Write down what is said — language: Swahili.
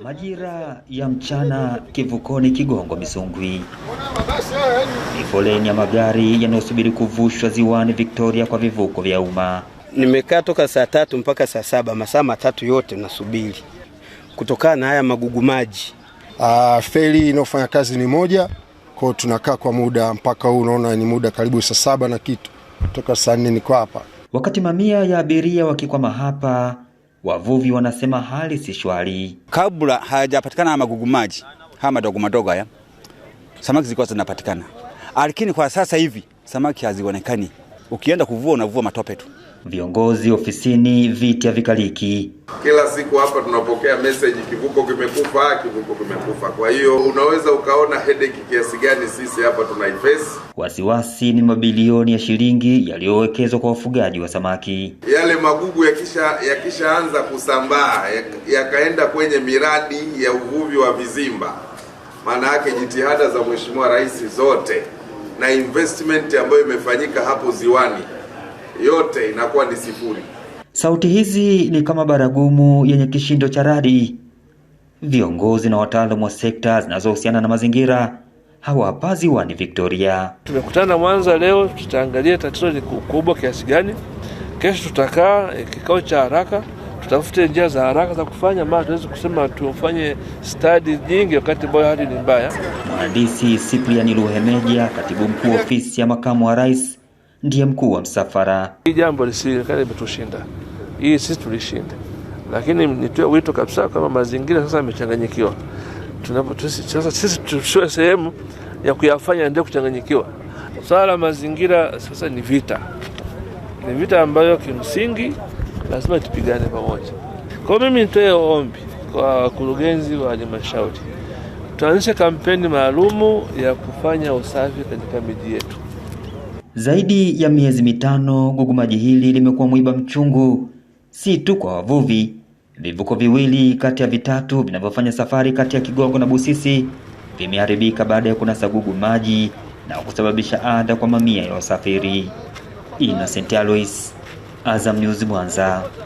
Majira ya mchana kivukoni Kigongo Misungwi, ni foleni ya magari yanayosubiri kuvushwa ziwani Victoria kwa vivuko vya umma. Nimekaa toka saa tatu mpaka saa saba, masaa matatu yote nasubiri kutokana na haya magugu maji. Uh, feri inayofanya kazi ni moja kwao, tunakaa kwa muda mpaka huu, unaona ni muda karibu saa saba na kitu, toka saa nne niko hapa, wakati mamia ya abiria wakikwama hapa Wavuvi wanasema hali si shwari. Kabla hayajapatikana haya magugu maji haya madogo madogo haya, samaki zilikuwa zinapatikana, lakini kwa sasa hivi samaki hazionekani ukienda kuvua unavua matope tu. Viongozi ofisini viti vikaliki Kila siku hapa tunapokea message, kivuko kimekufa, kivuko kimekufa. Kwa hiyo unaweza ukaona headache kiasi gani sisi hapa tunaiface. Wasiwasi ni mabilioni ya shilingi yaliyowekezwa kwa wafugaji wa samaki. Yale magugu yakishaanza kusambaa yakaenda ya kwenye miradi ya uvuvi wa vizimba, maana yake jitihada za Mheshimiwa Rais zote na investment ambayo imefanyika hapo ziwani yote inakuwa ni sifuri. Sauti hizi ni kama baragumu yenye kishindo cha radi. Viongozi na wataalamu wa sekta zinazohusiana na mazingira hawapa ziwani Victoria. Tumekutana Mwanza leo, tutaangalia tatizo ni kubwa kiasi gani. Kesho tutakaa eh, kikao cha haraka tutafute njia za haraka za kufanya, maana tuwezi kusema tufanye stadi nyingi wakati ambayo hali ni mbaya. Mhandisi Cyprian Luhemeja, katibu mkuu ofisi ya makamu wa rais, ndiye mkuu wa msafara. Hii jambo lisionekane limetushinda, hii sisi tulishinda, lakini nitoe wito kabisa kama mazingira sasa yamechanganyikiwa, sasa sisi tusiwe sehemu ya kuyafanya ndio kuchanganyikiwa. Swala la mazingira sasa ni vita, ni vita ambayo kimsingi lazima tupigane pamoja. Kwa mimi nitoe ombi kwa wakurugenzi wa halmashauri, tuanzishe kampeni maalumu ya kufanya usafi katika miji yetu. Zaidi ya miezi mitano, gugu maji hili limekuwa mwiba mchungu, si tu kwa wavuvi. Vivuko viwili kati ya vitatu vinavyofanya safari kati ya Kigongo na Busisi vimeharibika baada ya kunasa gugu maji na kusababisha adha kwa mamia ya wasafiri. Innocent Alois, Azam News Mwanza.